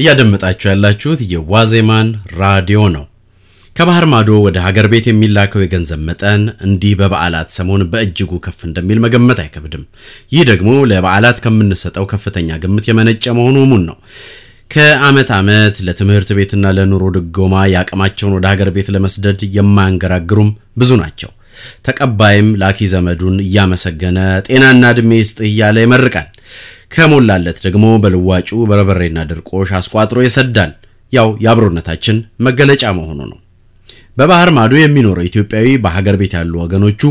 እያደመጣችሁ ያላችሁት የዋዜማን ራዲዮ ነው። ከባህር ማዶ ወደ ሀገር ቤት የሚላከው የገንዘብ መጠን እንዲህ በበዓላት ሰሞን በእጅጉ ከፍ እንደሚል መገመት አይከብድም። ይህ ደግሞ ለበዓላት ከምንሰጠው ከፍተኛ ግምት የመነጨ መሆኑ እሙን ነው። ከዓመት ዓመት ለትምህርት ቤትና ለኑሮ ድጎማ የአቅማቸውን ወደ ሀገር ቤት ለመስደድ የማያንገራግሩም ብዙ ናቸው። ተቀባይም ላኪ ዘመዱን እያመሰገነ ጤናና ዕድሜ ይስጥህ እያለ ይመርቃል። ከሞላለት ደግሞ በልዋጩ በርበሬና ድርቆሽ አስቋጥሮ ይሰዳል። ያው የአብሮነታችን መገለጫ መሆኑ ነው። በባህር ማዶ የሚኖረው ኢትዮጵያዊ በሀገር ቤት ያሉ ወገኖቹ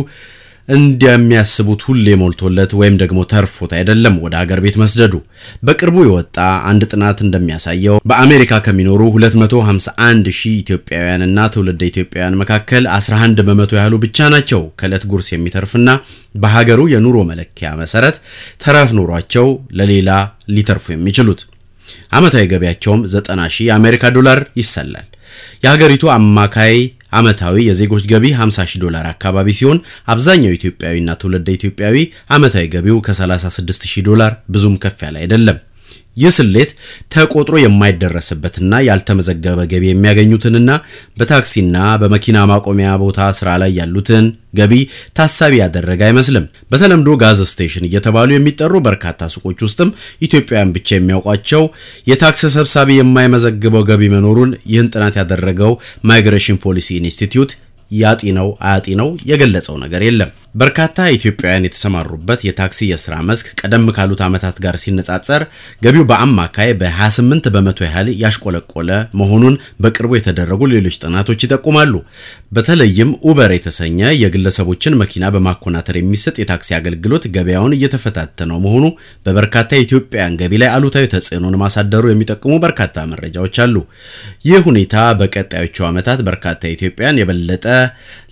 እንደሚያስቡት ሁሌ ሞልቶለት ወይም ደግሞ ተርፎት አይደለም ወደ ሀገር ቤት መስደዱ። በቅርቡ የወጣ አንድ ጥናት እንደሚያሳየው በአሜሪካ ከሚኖሩ 251 ሺህ ኢትዮጵያውያንና ትውልደ ኢትዮጵያውያን መካከል 11 በመቶ ያህሉ ብቻ ናቸው ከዕለት ጉርስ የሚተርፍና በሀገሩ የኑሮ መለኪያ መሰረት ተረፍ ኑሯቸው ለሌላ ሊተርፉ የሚችሉት። ዓመታዊ ገቢያቸውም 90 ሺህ የአሜሪካ ዶላር ይሰላል። የሀገሪቱ አማካይ ዓመታዊ የዜጎች ገቢ 50 ሺህ ዶላር አካባቢ ሲሆን አብዛኛው ኢትዮጵያዊና ትውልደ ኢትዮጵያዊ ዓመታዊ ገቢው ከ36 ሺህ ዶላር ብዙም ከፍ ያለ አይደለም። ይህ ስሌት ተቆጥሮ የማይደረስበትና ያልተመዘገበ ገቢ የሚያገኙትንና በታክሲና በመኪና ማቆሚያ ቦታ ስራ ላይ ያሉትን ገቢ ታሳቢ ያደረገ አይመስልም። በተለምዶ ጋዝ ስቴሽን እየተባሉ የሚጠሩ በርካታ ሱቆች ውስጥም ኢትዮጵያውያን ብቻ የሚያውቋቸው የታክስ ሰብሳቢ የማይመዘግበው ገቢ መኖሩን ይህን ጥናት ያደረገው ማይግሬሽን ፖሊሲ ኢንስቲትዩት ያጢነው አያጢነው የገለጸው ነገር የለም። በርካታ ኢትዮጵያውያን የተሰማሩበት የታክሲ የስራ መስክ ቀደም ካሉት ዓመታት ጋር ሲነጻጸር ገቢው በአማካይ በ28 በመቶ ያህል ያሽቆለቆለ መሆኑን በቅርቡ የተደረጉ ሌሎች ጥናቶች ይጠቁማሉ። በተለይም ኡበር የተሰኘ የግለሰቦችን መኪና በማኮናተር የሚሰጥ የታክሲ አገልግሎት ገበያውን እየተፈታተነው መሆኑ በበርካታ ኢትዮጵያውያን ገቢ ላይ አሉታዊ ተጽዕኖን ማሳደሩ የሚጠቁሙ በርካታ መረጃዎች አሉ። ይህ ሁኔታ በቀጣዮቹ ዓመታት በርካታ ኢትዮጵያውያን የበለጠ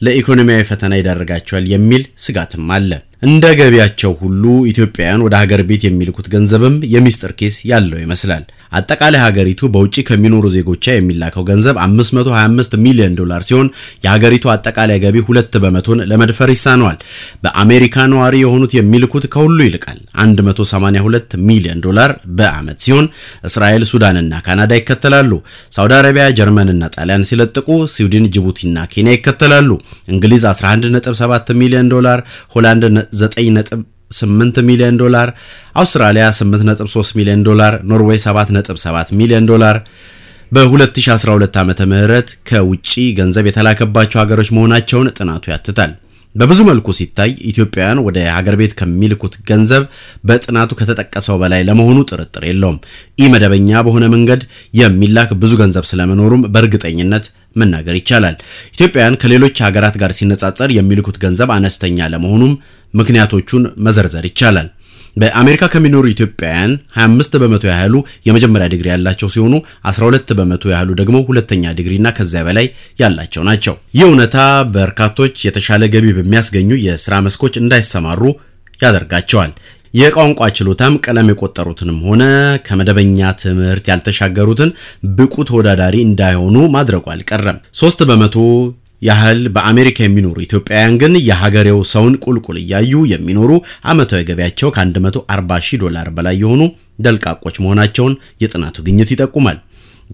ለኢኮኖሚያዊ ፈተና ይዳረጋቸዋል የሚል ስጋትም አለ። እንደ ገቢያቸው ሁሉ ኢትዮጵያውያን ወደ ሀገር ቤት የሚልኩት ገንዘብም የሚስጥር ኬስ ያለው ይመስላል። አጠቃላይ ሀገሪቱ በውጭ ከሚኖሩ ዜጎቿ የሚላከው ገንዘብ 525 ሚሊዮን ዶላር ሲሆን የሀገሪቱ አጠቃላይ ገቢ ሁለት በመቶን ለመድፈር ይሳነዋል። በአሜሪካ ነዋሪ የሆኑት የሚልኩት ከሁሉ ይልቃል፣ 182 ሚሊዮን ዶላር በዓመት ሲሆን እስራኤል፣ ሱዳንና ካናዳ ይከተላሉ። ሳውዲ አረቢያ፣ ጀርመንና ጣሊያን ሲለጥቁ ስዊድን፣ ጅቡቲና ኬንያ ይከተላሉ። እንግሊዝ 11.7 ሚሊዮን ዶላር፣ ሆላንድ 9.8 ሚሊዮን ዶላር፣ አውስትራሊያ 8.3 ሚሊዮን ዶላር፣ ኖርዌይ 7.7 ሚሊዮን ዶላር በ2012 ዓመተ ምህረት ከውጪ ገንዘብ የተላከባቸው ሀገሮች መሆናቸውን ጥናቱ ያትታል። በብዙ መልኩ ሲታይ ኢትዮጵያውያን ወደ ሀገር ቤት ከሚልኩት ገንዘብ በጥናቱ ከተጠቀሰው በላይ ለመሆኑ ጥርጥር የለውም። መደበኛ በሆነ መንገድ የሚላክ ብዙ ገንዘብ ስለመኖሩም በእርግጠኝነት መናገር ይቻላል። ኢትዮጵያውያን ከሌሎች ሀገራት ጋር ሲነጻጸር የሚልኩት ገንዘብ አነስተኛ ለመሆኑም ምክንያቶቹን መዘርዘር ይቻላል። በአሜሪካ ከሚኖሩ ኢትዮጵያውያን 25 በመቶ ያህሉ የመጀመሪያ ዲግሪ ያላቸው ሲሆኑ 12 በመቶ ያህሉ ደግሞ ሁለተኛ ዲግሪና ከዚያ በላይ ያላቸው ናቸው። ይህ እውነታ በርካቶች የተሻለ ገቢ በሚያስገኙ የስራ መስኮች እንዳይሰማሩ ያደርጋቸዋል። የቋንቋ ችሎታም ቀለም የቆጠሩትንም ሆነ ከመደበኛ ትምህርት ያልተሻገሩትን ብቁ ተወዳዳሪ እንዳይሆኑ ማድረጉ አልቀረም። ሶስት በመቶ ያህል በአሜሪካ የሚኖሩ ኢትዮጵያውያን ግን የሀገሬው ሰውን ቁልቁል እያዩ የሚኖሩ ዓመታዊ ገቢያቸው ከ140 ሺህ ዶላር በላይ የሆኑ ደልቃቆች መሆናቸውን የጥናቱ ግኝት ይጠቁማል።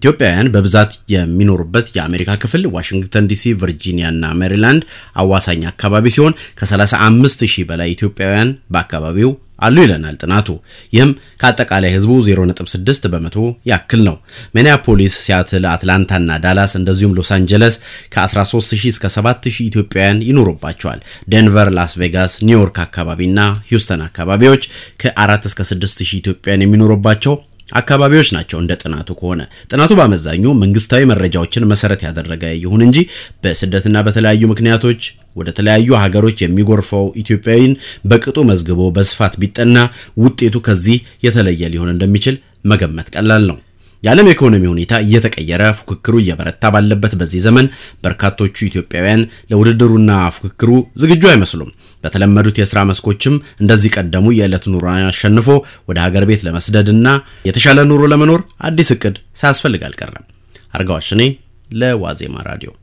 ኢትዮጵያውያን በብዛት የሚኖሩበት የአሜሪካ ክፍል ዋሽንግተን ዲሲ፣ ቨርጂኒያ ና ሜሪላንድ አዋሳኝ አካባቢ ሲሆን ከ35 ሺህ በላይ ኢትዮጵያውያን በአካባቢው አሉ ይለናል ጥናቱ። ይህም ከአጠቃላይ ህዝቡ 0.6 በመቶ ያክል ነው። ሚኒያፖሊስ፣ ሲያትል፣ አትላንታና ዳላስ እንደዚሁም ሎስ አንጀለስ ከ13000 እስከ 7000 ኢትዮጵያውያን ይኖሩባቸዋል። ደንቨር፣ ላስ ቬጋስ፣ ኒውዮርክ አካባቢና ሂውስተን አካባቢዎች ከ4 እስከ 6000 ኢትዮጵያውያን የሚኖሩባቸው አካባቢዎች ናቸው። እንደ ጥናቱ ከሆነ ጥናቱ በአመዛኙ መንግስታዊ መረጃዎችን መሰረት ያደረገ ይሁን እንጂ በስደትና በተለያዩ ምክንያቶች ወደ ተለያዩ ሀገሮች የሚጎርፈው ኢትዮጵያዊን በቅጡ መዝግቦ በስፋት ቢጠና ውጤቱ ከዚህ የተለየ ሊሆን እንደሚችል መገመት ቀላል ነው። የዓለም ኢኮኖሚ ሁኔታ እየተቀየረ ፉክክሩ እየበረታ ባለበት በዚህ ዘመን በርካቶቹ ኢትዮጵያውያን ለውድድሩና ፉክክሩ ዝግጁ አይመስሉም። በተለመዱት የስራ መስኮችም እንደዚህ ቀደሙ የዕለት ኑሮን አሸንፎ ወደ ሀገር ቤት ለመስደድና የተሻለ ኑሮ ለመኖር አዲስ እቅድ ሳያስፈልግ አልቀረም። አርጋዋሽኔ ለዋዜማ ራዲዮ